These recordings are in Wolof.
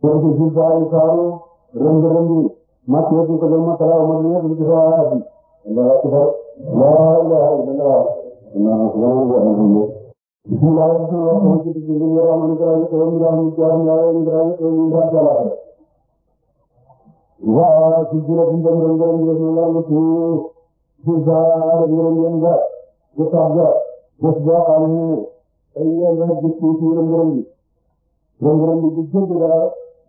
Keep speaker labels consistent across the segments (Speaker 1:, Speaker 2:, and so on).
Speaker 1: Suratul Fil saaru rënd rënd yi màcc yëpp ñu ko jël masaraaw ma ñëpp ñu ci sa waa ji Allahu akbar laa ilaaha illallah Allahu akbar alhamdulillah bismillah rahmaan ci ci ñu yaram ñu dara ñu ñu dara ñu jaar ñaar ñu dara ñu ñu dara jala waa ci jira bi dem rënd rënd yi ñu laal ci ci saar ñu rënd yeen ga ci saar ga bés boo xam ne ay yeen rek ci ci rënd rënd rënd rënd bi jënd dara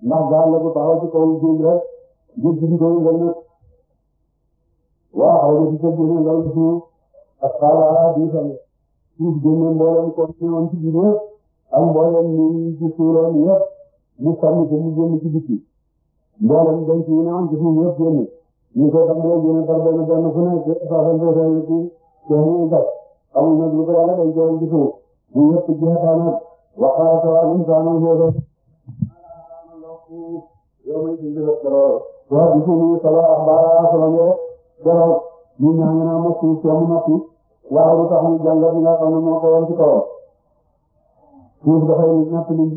Speaker 1: ndax gaal la bu taxaw ci kaw géej rek géej gi di doon nga nekk waaw nga gis nga génne ndaw suuf ak xaaral ah di xam suuf génne mboolem comme si woon ci biir yëpp ak mboolem ñuy ci suuroon yëpp mu sànni ko mu génn ci biti mboolem denc yi ne am ci suuf yëpp génn ñu ko tàmbalee génne par benn benn fu nekk saafanteel ci seen i gat amul nag lu ko yàlla day joxe ci suuf bu yëpp jeexaanaat waxaana sa waa insaanu yow may bind la keroog waaw bisu muy solo ak baaraas la nga keroog ñun ñaa ngi naan mokk yi soomu noppi waaw lu tax ñu jàngat yi a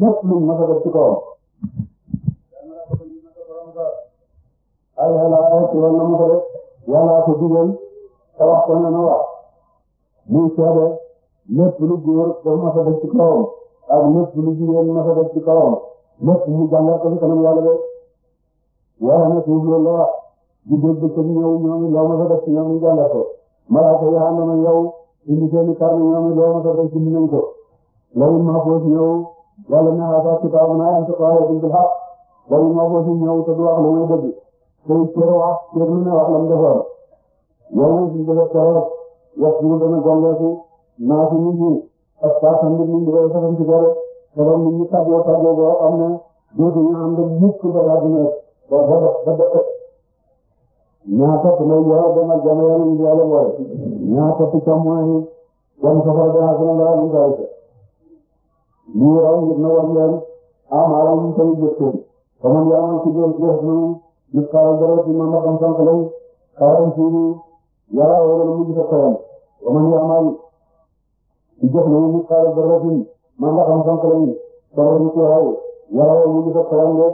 Speaker 1: def ci ay xalaat ci wàllu mu ko def yàllaa ko digal na wax muy seede lépp lu góor dafa mës a def ci kawam ak lépp lu lépp mu jàngal ko fi kanam yàlla de yàlla na suuf loolu la wax di dégg dëkk bi ñëw ñoom loo ma fa def ci ñoom ñu jàngal ko malaaka yi ànd na yow indi seeni karne ñoom loo ma fa def ci nañ ko lawul mahfuus ñëw yàlla ne xaasaat kitaabunaa yantiqu bil haqq lawul mahfuus ñëw te du wax lu muy dëgg te teer wax teer lu la mu defoon yow nañ suñu defee keroog wax suñu dana gongeeku naa si sa mbir mi ñu koy loolu moom ñu tàggoo tàggoo boo xam ne dootuñu am lu mukk ba daal di nekk ba ba ba ba ëpp ñaata su ma yoroo ba ma jamono yàlla ñu yàlla boole ñaata su ca mooy jam safara ba ak na daal ñu daal ko lii raw ngir na war leen am alam ñu koy jëfee ba man yaa ma ci jëf jëf na ñu xaaral dara ci ma mbakam sànq lay xaaral suudu yàlla wala mu gis ak kawam ba man yaa ma ci jëf na ñu xaaral dara ci man la xam-xam ko lañu. soxla ñu ci waaye yàlla ñu ngi fa